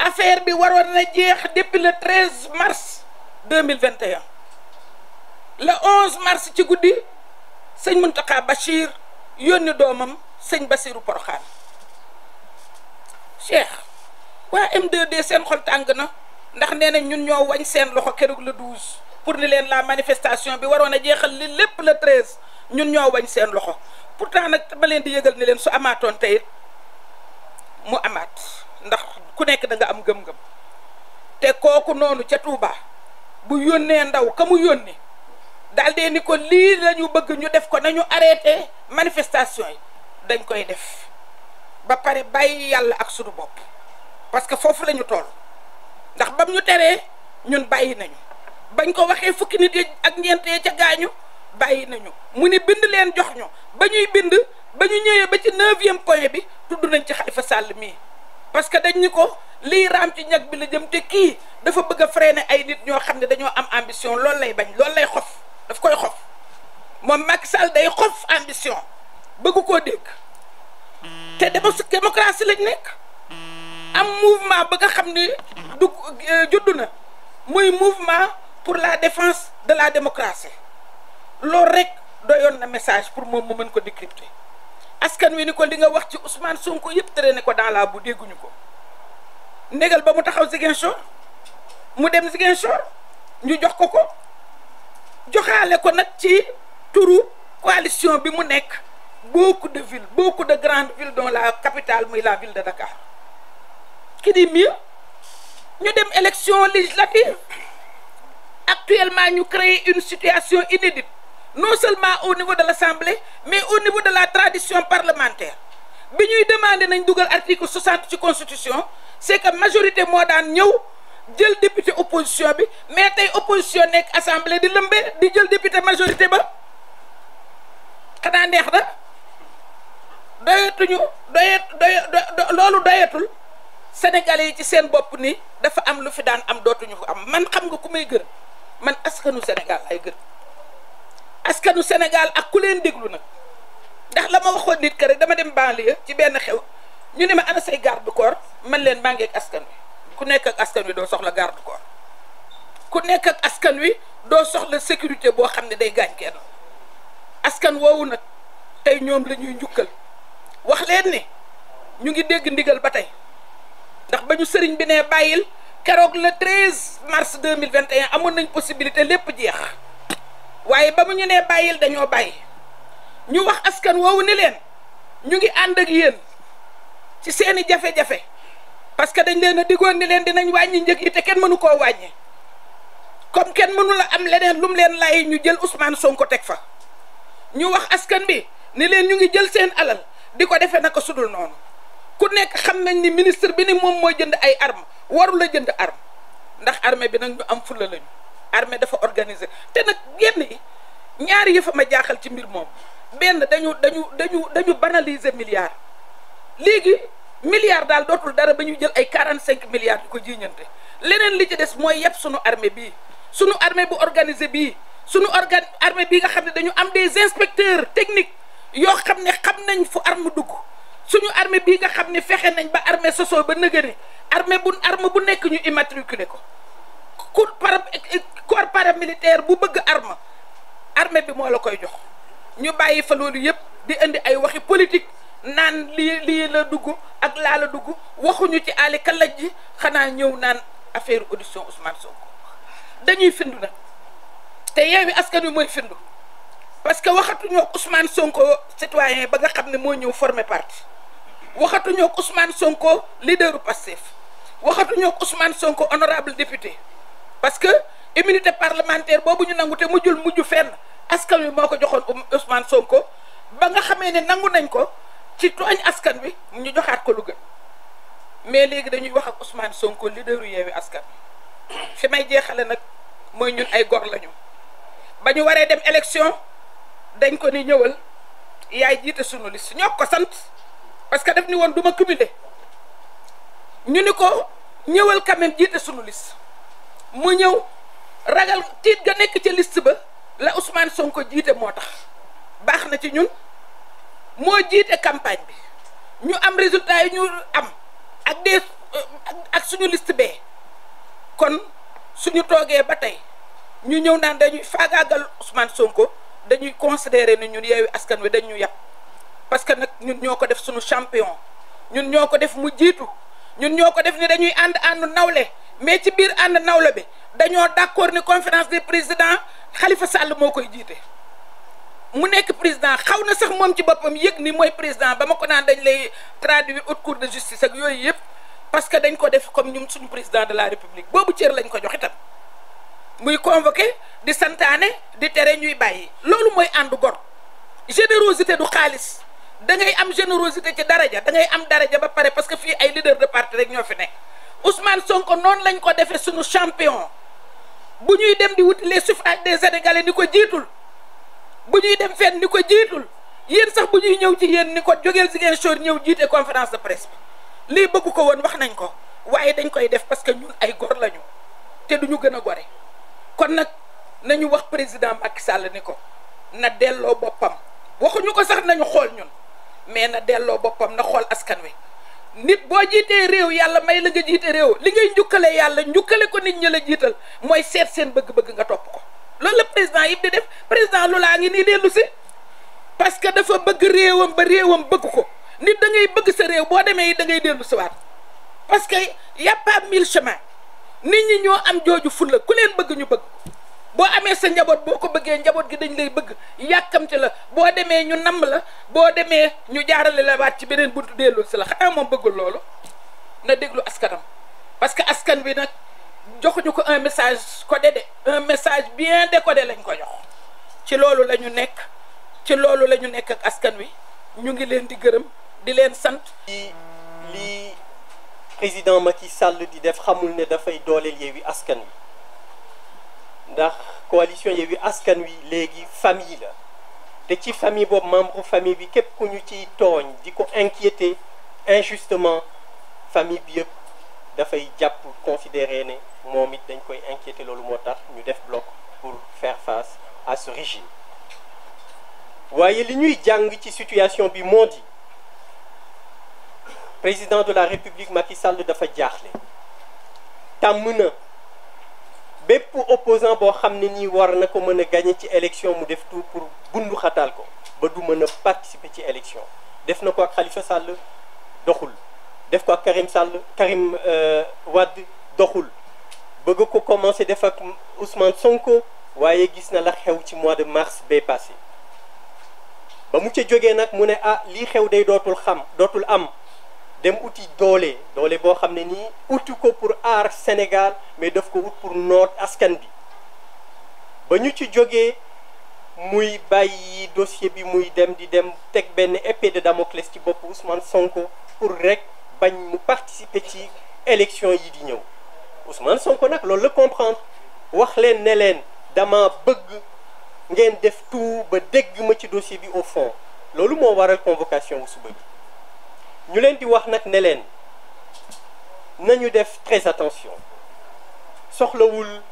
Speaker 5: affaire bi waroon na jeex depuis le 13 mars 2021 le 11 mars ci guddi sëñ Mountakha Bachir yónni doomam sëñ Bassirou Porokhane Cheikh waa M2D seen xol tàng na ndax nee nañ ñun ñoo wañ seen loxo keroog le pour ni leen la manifestation bi waroon a jeexal li lépp le 13 ñun ñoo wañ seen loxo pour pourtant nag ma leen di yëgal ni leen su amaatoon tey mu amaat. ndax ku nekk da nga am gëm-gëm te kooku noonu ca tuuba bu yónnee ndaw ka mu yónni daal ni ko lii la ñu bëgg ñu def ko nañu arrêté manifestation yi dañ koy def ba pare bàyyi yàlla ak sunu bopp parce que foofu lañu ñu ndax bam ñu teree ñun bàyyi nañu bañ ko waxee fukki nit yi ak ñeent yi ca gaañu bàyyi nañu mu ni bind leen jox ñu ba ñuy bind ba ñu ñëwee ba ci neuvième point bi tudd nañ ci Khalifa sàll mii parce que dañ ñu ko lii raam ci ñag bi la jëm te kii dafa bëgg a ne ay nit ñoo xam ne dañoo am ambition loolu lay bañ loolu lay xof daf koy xof moom Macky Sall day xof ambition bëgg koo dégg te dama su démocratie lañ nekk am mouvement ba nga xam ne du juddu na muy mouvement pour la défense de la démocratie loolu rek doyoon na message pour moom mu mën ko décrypter. askan wi ni ko li nga wax ci Ousmane Sonko yëpp traîné ko dans la boue dégguñu ko ndégal ba mu taxaw Ziguinchor mu dem Ziguinchor ñu jox ko ko joxaale ko nag ci turu coalition bi mu nekk beaucoup de ville villes beaucoup de grandes villes dont la capitale muy la ville de Dakar qui dit ñu dem élection législative actuellement ñu créer une situation inédite non seulement au niveau de l'Assemblée mais au niveau de la tradition parlementaire bi ñuy demandé nañ dugal article 60 ci constitution c'est que majorité moo daan ñëw jël député opposition bi mais tey opposition nekk assemblée di lëmbe di jël député majorité ba xanaa neex na doyatuñu doyat doy loolu doyatul sénégalais yi ci seen bopp nii dafa am lu fi daan am dootuñu ko am man xam nga ku may gën man askanu Sénégal ay gën askanu Sénégal ak ku leen déglu nag ndax la ma waxoon nit ka rek dama dem banlieue ci benn xew ñu ne ma ana say garde corps man leen maa ngi askan wi ku nekk ak askan wi doo soxla garde corps ku nekk askan wi doo soxla sécurité boo xam ne day gaañ kenn askan woowu nag tey ñoom la ñuy njukkal wax leen ni ñu ngi dégg ndigal ba tey ndax ba ñu sëriñ bi ne bàyyil keroog le 13 mars 2021 amoon nañ possibilité lépp jeex. waaye ba mu ñu nee bàyyil dañoo bàyyi ñu wax askan woowu ni leen ñu ngi ànd ak yéen ci seeni jafe-jafe parce que dañ leen a diggoon ni leen dinañ wàññi njëg yi te kenn mënu koo wàññi comme kenn mënu la am leneen lum leen lay ñu jël Ousmane Sonko teg fa ñu wax askan bi ni leen ñu ngi jël seen alal di ko defee naka sudul noonu ku nekk xam nañ ni ministre bi ni moom mooy jënd ay arme warul la jënd arme ndax armée bi nag ñu am fulla lañu armée dafa organisé te nag yenn yi ñaari yëf ma jaaxal ci mbir moom benn dañu dañu dañu dañu banaliser milliard léegi milliard daal dootul dara ba ñu jël ay quarante cinq milliards yu ko jiiñante leneen li ci des mooy yëpp suñu armée bi suñu armée bu organisé bii sunu organ armée bii nga xam ne dañu am des inspecteurs techniques yoo xam ne xam nañ fu arme dugg suñu armée bii nga xam ne fexe nañ ba armée sosoo ba nëgëri armee bu arme bu nekk ñu immatriculé ko corps para corps paramilitaire bu bëgg arma armée bi moo la koy jox ñu bàyyi fa loolu yëpp di indi ay waxi politique naan lii lii la dugg ak laa duggu waxuñu ci àll kalaj ji xanaa ñëw naan affaire audition Ousmane Sonko dañuy findu nag te Yewwi Askan Wi muy findu parce que waxatuñoo ak Ousmane Sonko citoyen ba nga xam ne moo ñëw former parti waxatuñoo ak Ousmane Sonko leaderu Pastef waxatuñoo ak Ousmane Sonko honorable député parce que immunité parlementaire boobu ñu nangu te mujjul mujj fenn askan wi moo ko joxoon um, Ousmane Sonko ba nga xamee ne nangu nañ ko ci tooñ askan wi ñu joxaat ko lu mais léegi dañuy wax ak Ousmane Sonko leaderu Yewwi Askan fi may jeexale nag mooy ñun ay gor lañu ba ñu waree dem élection dañ ko ni ñëwal yaay jiite sunu liste ñoo ko sant parce que daf ni woon du ma cumuler ñu ni ko ñëwal quand même jiite sunu liste mu ñëw ragal tiit ga nekk ca liste ba la Ousmane Sonko jiite moo tax baax na ci ñun moo jiite campagne bi ñu am résultat yi ñu am ak des euh, ak suñu list bee kon suñu toogee ba tey ñu ñëw naan dañuy faagaagal Ousmane Sonko dañuy considérer ni ñun yeewi askan wi dañu yàpp parce que nag ñun ñoo ko def suñu champion ñun ñoo ko def mu jiitu ñun ñoo ko def ni dañuy ànd àndu nawle mais ci biir ànd nawla bi dañoo d'accord ni conférence des présidents Khalifa Sall moo koy jiite mu nekk président xaw na sax moom ci boppam yëg ni mooy président ba ma ko naan dañ lay traduire haute cour de justice ak yooyu yëpp parce que dañ ko def comme ñun suñu président de la république boobu cër lañ ko jox itam muy convoqué di santaane di tere ñuy bàyyi loolu mooy ànd gor générosité du xaalis da ngay am générosité ci daraja da ngay am daraja ba pare parce que fii ay leader de parti rek ñoo fi son Sonko noonu lañ ko defee suñu champion bu ñuy dem di wuti les suffrages des sénégalais ni ko jiitul bu ñuy dem fenn ni ko jiitul yéen sax bu ñuy ñëw ci yéen ni ko jógeel Ziguinchor ñëw jiite conférence de presse bi lii bëgg ko woon wax nañ ko waaye dañ koy def parce que ñun ay gor lañu te duñu gën a gore kon nag nañu wax président Macky Sall ni ko na delloo boppam waxuñu ko sax nañu xool ñun mais na delloo boppam na xool askan wi. nit boo jiitee réew yàlla may la nga jiite réew li ngay njukkale yàlla njukkale ko nit ñi la jiital mooy seet seen bëgg-bëgg nga topp ko loolu la président yi di def président lu laa ngi nii dellu si parce que dafa bëgg réewam ba réewam bëgg ko nit da ngay bëgg sa réew boo demee yi da ngay dellu si waat que y a pas mille chemin nit ñi ñoo am jooju fulla ku leen bëgg ñu bëgg boo amee sa njaboot boo ko bëggee njaboot gi dañ lay bëgg yàkkamte la boo demee ñu namm la boo demee ñu jaarale la waat ci beneen buntu delloo si la xanaa moom bëggul loolu na déglu askanam parce que askan wi nag joxuñu ko un message codé de un message bien décodé lañ ko jox ci loolu la ñu nekk ci loolu
Speaker 6: la ñu nekk ak askan wi ñu ngi leen di gërëm di leen sant. lii président ma Macky Sall di def xamul ne dafay dooleel Yewwi Askan Wi. ndax coalition Yewwi Askan Wi léegi famille la te ci famille boobu membre famille bi képp ku ñu ciy tooñ di ko inquiété injustement famille bi yëpp dafay jàpp considérer ne moom it dañ koy inquiété loolu moo tax ñu def bloc pour faire face à ce régime waaye li ñuy jàng ci situation bi moo di président de la république Macky Sall dafa jaaxle tàmm na bépp opposant boo xam ne nii war na ko mën a gagné ci élection mu def tout pour bundu xataal ko ba du mën a participer ci élection def na ko ak Khalifa Sall doxul def ko ak Karim Sall Karim euh, Wade doxul bëgg ko commencé def ak Ousmane Sonko waaye gis na la xew ci mois de mars bay passé ba mu ca jógee nag mu ne ah lii xew day dootul xam dootul am dem uti doole doole boo xam ne ni uti ko pour aar Sénégal mais def ko wut pour noot askan bi ba ñu ci jógee muy bàyyi dossier bi muy dem di dem teg benn épée de Damoclès ci bopp Ousmane Sonko pour rek bañ mu participer ci élection yi di ñëw Ousmane Sonko nag loolu la comprendre wax leen ne leen dama bëgg ngeen def tu ba dégg ma ci dossier bi au fond loolu moo waral convocation wu suba bi ñu leen di wax nag ne leen nañu def très attention soxlawul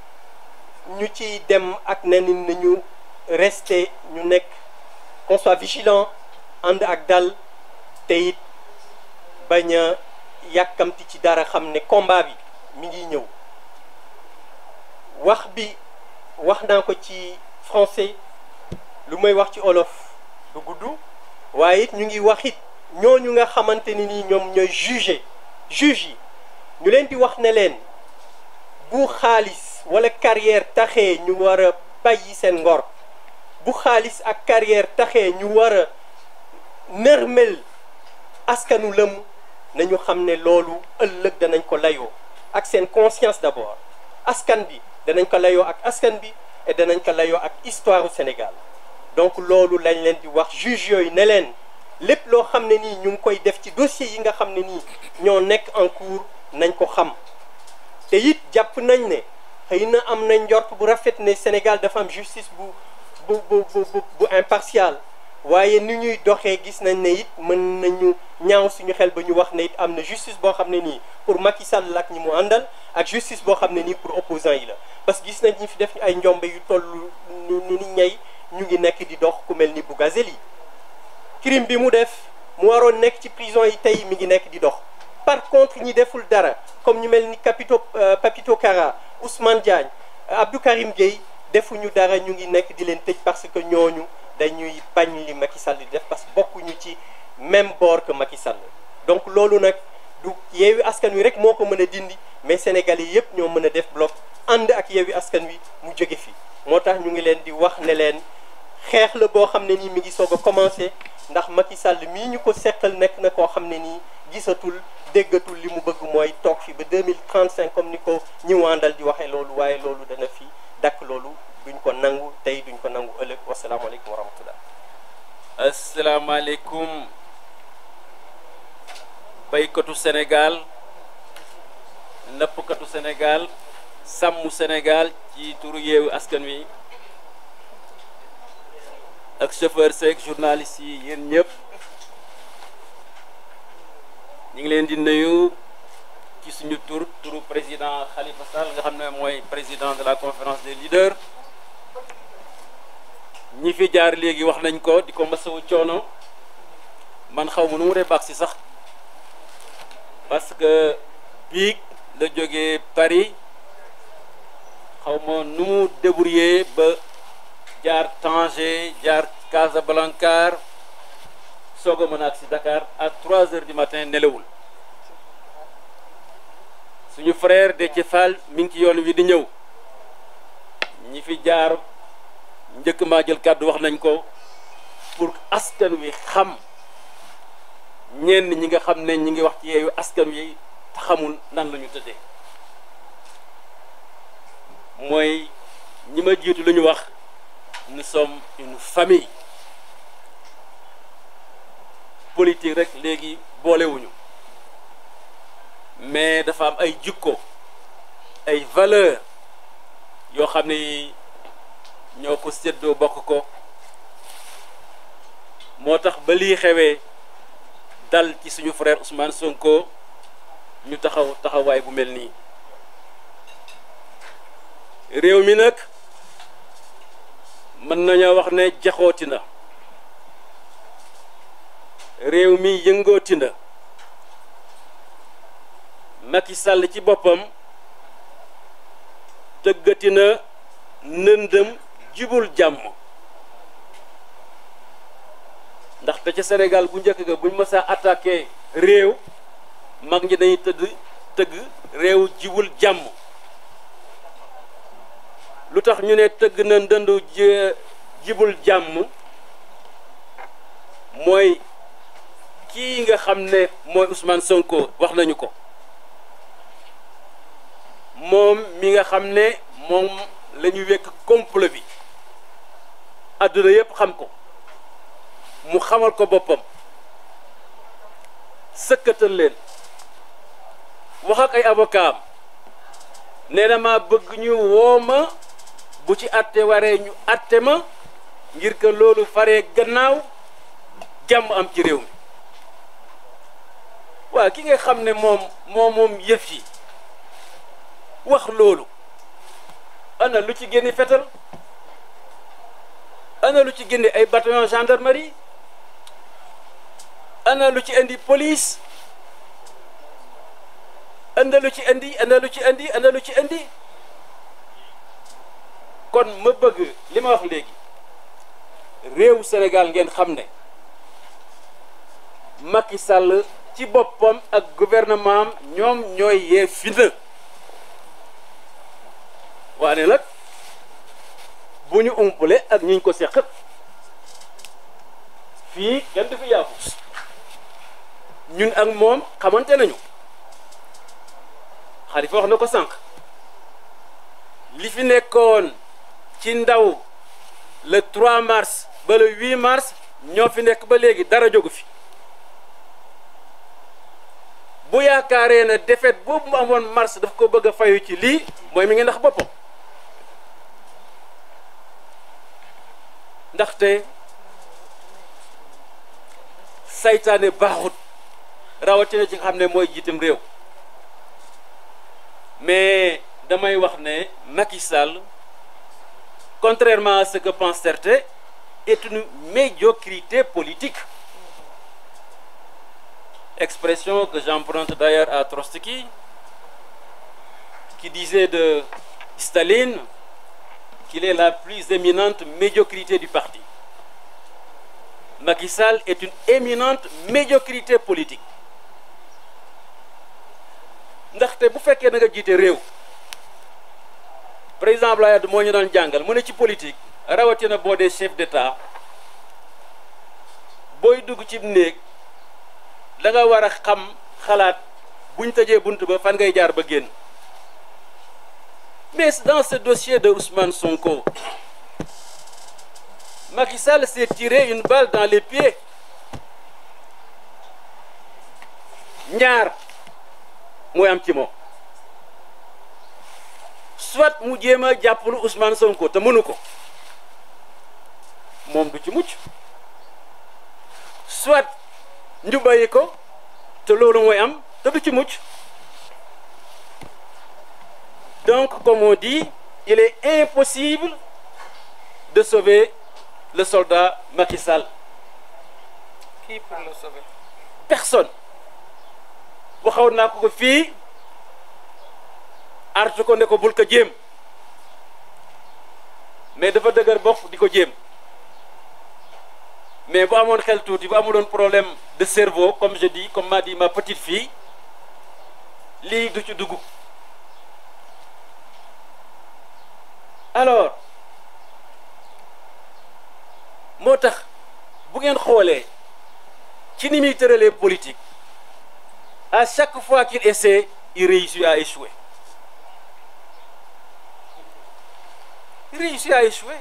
Speaker 6: ñu ci dem ak nenin nañu reste ñu nekk qu'on vigilant ànd ak dal te it bañ a yàkkamti ci dara xam ne combat bi mi ngi ñëw wax bi wax naa ko ci français lu may wax ci olof du gudd waaye it ñu ngi wax ñooñu nga xamante ni nii ñoom ñooy juge juge yi ñu leen di wax ne leen bu xaalis wala carrière taxee ñu war a bàyyi seen ngor bu xaalis ak carrière taxee ñu war a nërmel askanu lëm nañu xam ne loolu ëllëg danañ ko layoo ak seen conscience d'abord askan bi danañ ko layoo ak askan bi et danañ ko layoo ak histoire Sénégal donc loolu lañ leen di wax juge yooyu ne leen lépp loo xam ne nii ñu ngi koy def ci dossier yi nga xam ne nii ñoo nekk en cours nañ ko xam te it jàpp nañ ne xëy na am na njort bu rafet ne Sénégal dafa am justice bu bu bu bu bu impartial waaye ni ñuy doxee gis nañ ne it mën nañu ñaaw suñu xel ba ñu wax ne it am na justice boo xam ne nii pour Macky Sall ak ñi mu àndal ak justice boo xam ne nii pour opposant yi la parce que gis nañ ñi fi def ay njombe yu toll ni ni ñay ñu ngi nekk di dox ku mel ni Bougazelli crime bi mu def mu waroon nekk ci prison yi tey mi ngi nekk di dox par contre ñi deful dara comme ñu mel ni capito euh, Papito Kara Ousmane Diagne Abdou Karim Gueye defuñu dara ñu ngi nekk di leen tëj parce que ñooñu dañuy bañ li Macky Sall di def parce que bokkuñu ci même bord que Macky donc loolu nag du yeewi askan wi rek moo ko mën a dindi mais Sénégalais yëpp ñoo mën a def bloc ànd ak yeewi askan wi mu jóge fi moo tax ñu ngi leen di wax ne leen xeex la boo xam ne nii mi ngi soog a commencé ndax Macky Sall mii ñu ko seqal nekk na koo xam ne nii gisatul déggatul li mu bëgg mooy toog fi ba 2035 comme ni ko ñi wàndal di waxee loolu waaye loolu dana fi dakk loolu duñ ko nangu tey duñ ko nangu ëllëg wasalaamaaleykum wa rahmatullah
Speaker 7: asalaamaaleykum baykatu Sénégal nappkatu Sénégal sàmm senegal ci turu yeewu askan wi ak chauffeur seeg journaliste yi yéen ñëpp ñu ngi leen di nuyu ci suñu tur turu président Khalifa Sall nga xam ne mooy président de la conférence des leaders ñi fi jaar léegi wax nañ ko di ko masawu coono man xaw ma nu mu dee baax si sax parce que biig la jógee Paris xaw ma nu mu débrouillé ba jaar Tanger jaar Casablanca soog a mën a ak si Dakar à trois heures du matin nelawul suñu frère Déthié Fall mi ngi ci yoon wi di ñëw ñi fi jaar njëkk ma jël kàddu wax nañ ko pour askan wi xam ñenn ñi nga xam ne ñi ngi wax ci yeeyu askan wi te xamul nan la ñu tëddee mooy ñi ma jiitu lu ñu wax nous sommes une famille politique rek léegi boolewuñu mais dafa am ay jukko ay valeur yoo xam ne ñoo ko seddoo bokk ko moo tax ba lii xewee dal ci suñu frère Ousmane Sonko ñu taxaw taxawaay bu mel nii réew mi nag mën nañoo wax ne jaxooti na réew mi yëngooti na Macky sàll ci boppam tëggati na nëndëm jubul jàmm ndaxte ca senegal bu njëkk ga buñ mësaa attaqué réew mag ñi dañuy tëdd tëgg réew jibul jàmm lu tax ñu ne tëgg na ndëndu jibul jàmm mooy kii nga xam ne mooy usmaan Sonko wax nañu ko moom mi nga xam ne moom lañuy ñu wekk complot bi adduna yëpp xam ko mu xamal ko boppam sëkkatal leen wax ak ay avocat am nee na maa bëgg ñu woo bu ci atte waree ñu atte ma ngir que loolu faree gannaaw jàmm am ci réew mi waaw ki nga xam ne moom moo moom yëf yi wax loolu ana lu ci génne fetal ana lu ci génne ay bataillon gendarmerie ana lu ci indi police ana lu ci indi ana lu ci indi ana lu ci indi kon ma bëgg li ma wax léegi réew Sénégal ngeen xam ne Macky sàll ci boppam ak gouvernement ñoom ñooy yee fitna waane nag bu ñu umpale ak ñiñ ko seq fii kenn du fi yaafus ñun ak moom xamante nañu xalifa wax na ko sànq li fi nekkoon ci ndaw le 3 mars ba le 8 mars ñoo fi nekk ba léegi dara jógu fi bu yaakaaree na défaite boobu mu amoon mars daf ko bëgg a fayu ci lii mooy mi ngi ndax boppa ndaxte seytaane baaxut rawatina ci nga xam ne mooy jiitam réew mais damay wax ne Macky Sall contrairement à ce que pensent certains est une médiocrité politique expression que j'emprunte d'ailleurs à Trotsky, qui disait de Staline qu'il est la plus éminente médiocrité du parti. Macky Sall est une éminente médiocrité politique ndaxte bu fekkee da jiite réew président Abdoulaye Wade moo ñu doon jàngal mu ne ci politique rawatina boo dee chef d'état booy dugg ci néeg da nga war a xam xalaat buñ tëjee bunt ba fan ngay jaar ba génn mais dans ce dossier de Ousmane Sonko Macky Sall s'est tiré une balle dans les pieds ñaar mooy am ci moom soit mu jéem a jàppalu Ousmane Sonko te mënu ko moom du ci mucc soit ñu bàyyi ko te loolu mooy am te du ci mucc donc comme on dit il est impossible de sauver le soldat Macky Sall.
Speaker 5: qui peut le sauver?
Speaker 7: naa ko fii artu ko ne ko bul ko jéem mais dafa dëgër bokk di ko jéem. mais boo amoon xel tuuti bu amuloon problème de cerveau comme je dis comme m'a dit ma petite fille lii du ci dugub alors moo tax bu ngeen xoolee ci ni muy tëralee politique à chaque fois qu'il essaie il réussit à échouer il réussit à échouer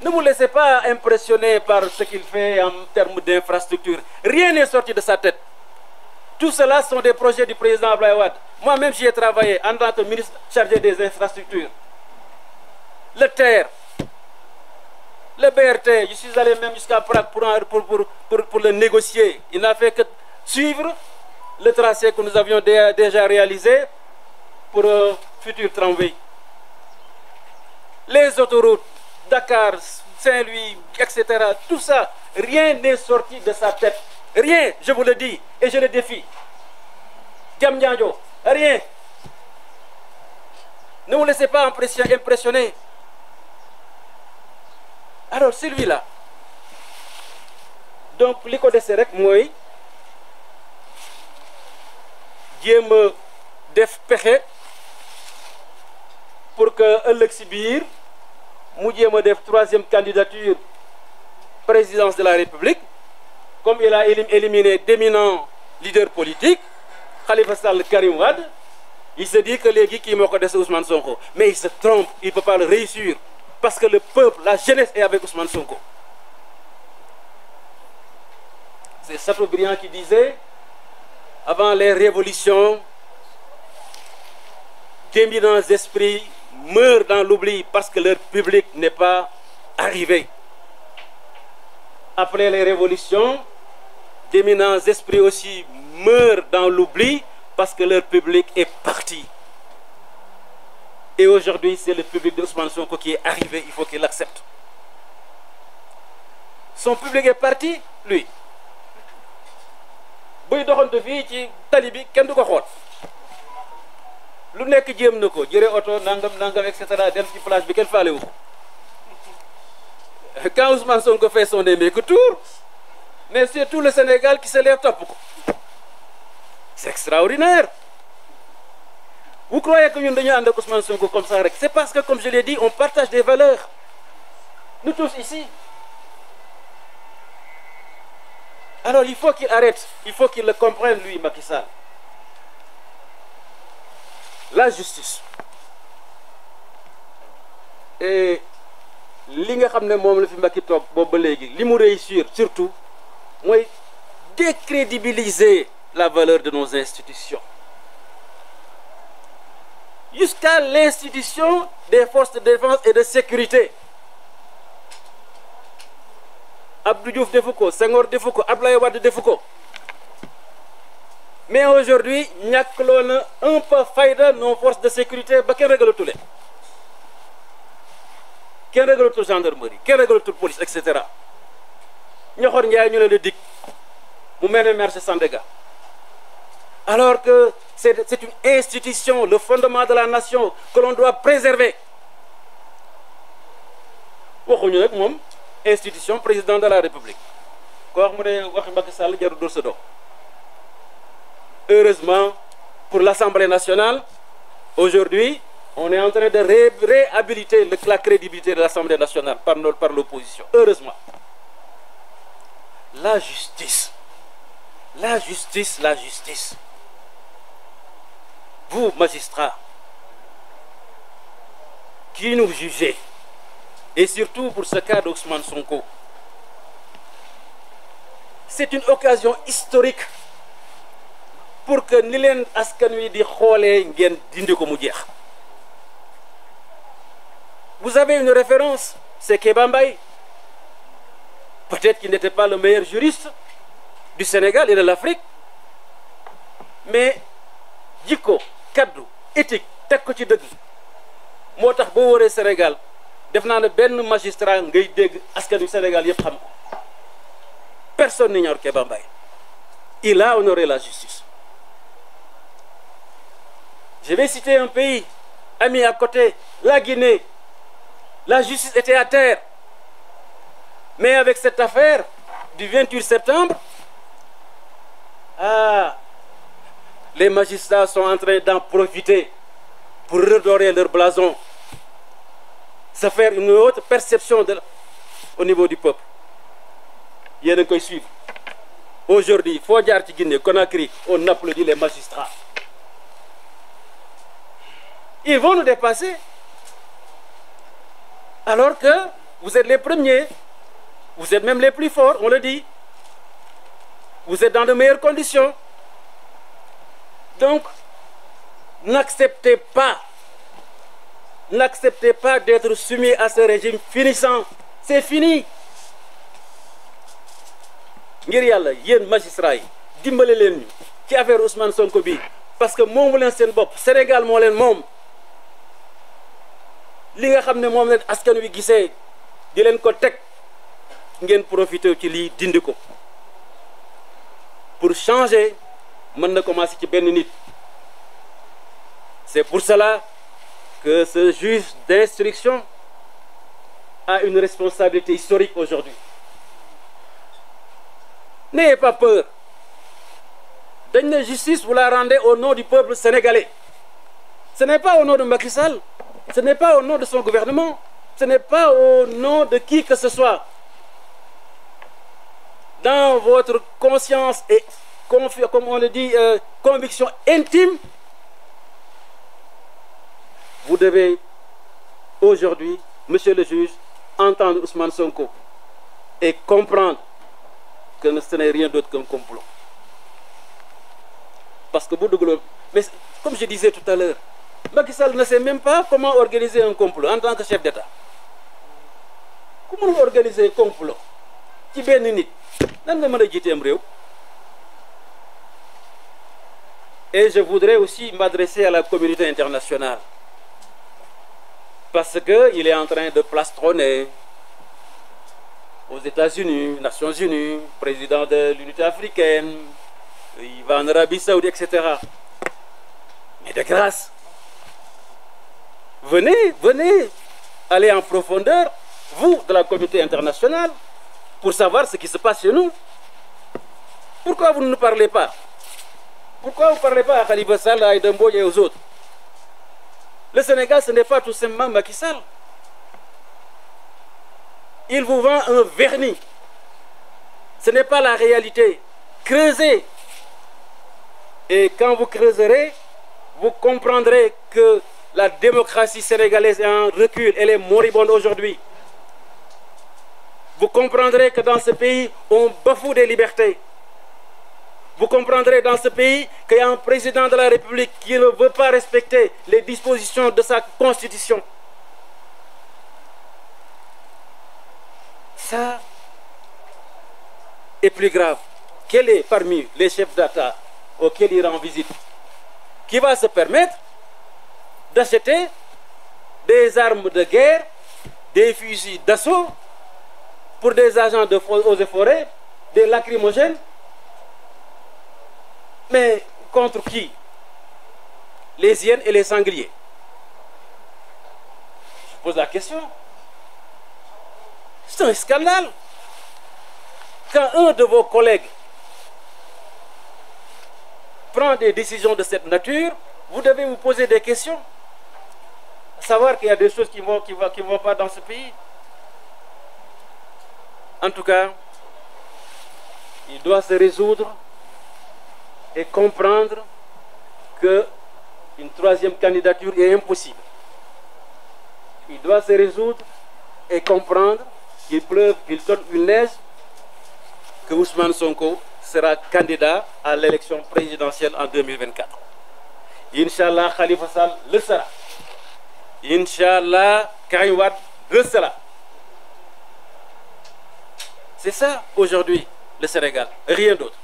Speaker 7: Ne vous laissez pas impressionner par ce qu'il fait en termes d'infrastructure. Rien n'est sorti de sa tête. Tout cela sont des projets du président Ablaïwad. Moi-même, j'y ai travaillé en tant que ministre chargé des infrastructures. Le terre, le BRT, je suis allé même jusqu'à Prague pour, pour, pour, pour, le négocier. Il n'a fait que suivre le tracé que nous avions déjà réalisé pour le euh, futur tramway. Les autoroutes, Dakar, Saint-Louis, etc. Tout ça, rien n'est sorti de sa tête. Rien, je vous le dis, et je le défie. Diamniadio, rien. Ne vous laissez pas impressionner. Alors, celui-là. Donc, l'icône de Serek, moi, jéem a def pexe pour que ëllëg si mu jéem a def troisième candidature présidence de la république comme il a éliminé d'éminents leaders politiques Khalifa Sall Karim Wade il se dit que léegi kii moo ko dese Ousmane Sonko mais il se trompe il peut pas le réussir parce que le peuple la jeunesse est avec Ousmane Sonko c'est Chateaubriand qui disait avant les révolutions d'éminents esprits meurent dans l'oubli parce que leur public n'est pas arrivé. Après les révolutions, d'éminents esprits aussi meurent dans l'oubli parce que leur public est parti. Et aujourd'hui, c'est le public d'Ousmane Sonko qui est arrivé, il faut qu'il l'accepte. Son public est parti, lui. buy doxantu fii ci tali bi kenn du ko xool lu nekk jéem na ko jëre oto nangam nangam et cetera dem ci plage bi kenn faale wu ko quand Ousmane Sonko fait son émeque tour mais c'est tout le Sénégal qui se lève ko c'est extraordinaire vous croyez que ñun dañu ànd ak Ousmane Sonko comme sa rek c'est parce que comme je l'ai dit on partage des valeurs nous tous ici alors il faut qu'il arrête il faut qu'il le comprenne lui Macky la justice e li nga xam ne moom la fi Macky toog boobu ba léegi li mu réussir surtout mooy décrédibiliser la valeur de nos institutions jusqu'à l'institution des forces de défense et de sécurité Abdou Diouf defu ko Senghor defu ko Abdoulaye Wade defu ko mais aujourd'hui ñàkkloo na un peu fayda nos forces de sécurité ba kenn régalatul leen kenn régalatul gendarmerie kenn régalatul police et cetera ñoxor njaay ñu leen di dig mu mel ne marché Sandaga alors que c'est c'est une institution le fondement de la nation que l'on doit préserver waxuñu nag moom institution président de la république ko wax mu ne waxi Macky Sall jarul dóor sa doom heureusement pour l'Assemblée nationale, aujourd'hui, on est en train de réhabiliter le, la crédibilité de l'Assemblée nationale par, nos, par l'opposition. Heureusement. La justice. La justice, la justice. Vous, magistrats, qui nous jugez, et surtout pour ce cas d'Ousmane Sonko, c'est une occasion historique pour que ni leen askan wi di xoolee ngeen dindi ko mu jeex vous avez une référence c'est Kéba Mbaye peut-être qu'il n'était pas le meilleur juriste du Sénégal et de l'Afrique mais jikko kaddu éthique teg ko ci dëgg moo tax boo wëree Sénégal def naa ne benn magistrat ngay dégg askan wi Sénégal yëpp xam ko personne n'ignore Kéba Mbaye il a honoré la justice Je vais citer ami à côté, la Guinée. La justice était à terre. Mais avec cette affaire du 28 septembre, ah, les magistrats sont en train d'en profiter pour redorer blason, se faire une autre de la... au niveau du peuple. Il y a un suivre. Aujourd'hui, Fodjar Guinée, Conakry, on applaudit les magistrats. Ils vont nous dépasser. Alors que vous êtes les premiers. Vous êtes même les plus forts, on le dit. Vous êtes dans de meilleures conditions. Donc, n'acceptez pas, n'acceptez pas d'être soumis à ce régime finissant. C'est fini. ngir yàlla yéen magistrat yi dimbale leen ñu ci affaire Ousmane Sonko bi parce que moomu leen seen bopp Sénégal moo leen moom. li nga xam ne moom leen askan wi gisee di leen ko teg ngeen profité ci lii dindi ko pour changer mën na commencer ci benn nit c'est pour cela que ce juge d'instruction a une responsabilité historique aujourd'hui n'ayez pas peur dañ ne justice vous la rendez au nom du peuple sénégalais ce n'est pas au nom de Macky Ce n'est pas au nom de son gouvernement, ce n'est pas au nom de qui que ce soit. Dans votre conscience et, comme on le dit, euh, conviction intime, vous devez aujourd'hui, monsieur le juge, entendre Ousmane Sonko et comprendre que ce n'est rien d'autre qu'un complot. Parce que vous, mais comme je disais tout à l'heure, Macky Sall ne sait même pas comment organiser un complot en tant que chef d'État ku mënul organiser complot ci benn nit nan nga mën a jiiteem réew et je voudrais aussi m'adresser à la communauté internationale parce que il est en train de plastronner aux États-Unis, Nations Unies, président de l'unité africaine, il va en Arabie Saoudite, etc. Mais de grâce venez, venez, allez en profondeur, vous, de la communauté internationale, pour savoir ce qui se passe chez nous. Pourquoi vous ne parlez pas Pourquoi vous parlez pas à Khalifa Sall, à Edembo et aux autres Le Sénégal, ce n'est pas tout simplement Macky Il vous vend un vernis. Ce n'est pas la réalité. Creusez. Et quand vous creuserez, vous comprendrez que La démocratie sénégalaise est en recul, elle les moribonde aujourd'hui. Vous comprendrez que dans ce pays, on bafoue des libertés. Vous comprendrez dans ce pays qu'il y a un président de la République qui ne veut pas respecter les dispositions de sa constitution. Ça est plus grave. Quel est parmi les chefs d'État auxquels il rend visite qui va se permettre d'acheter des armes de guerre, des fusils d'assaut pour des agents de eaux et forêts, des lacrymogènes. Mais contre qui Les hyènes et les sangliers. Je pose la question. C'est un scandale. Quand un de vos collègues prend des décisions de cette nature, vous devez vous poser des questions. savoir qu'il y des choses qui vont, qui vont, qui En tout cas, il doit se résoudre et comprendre troisième candidature est impossible. Il doit et comprendre qu'il pleuve, qu'il donne une neige, que Ousmane Sonko sera candidat à l'élection présidentielle en 2024. Inch'Allah, Khalifa Sall le Inch'Allah, Karim Wad veut cela. C'est ça aujourd'hui le Sénégal, rien d'autre.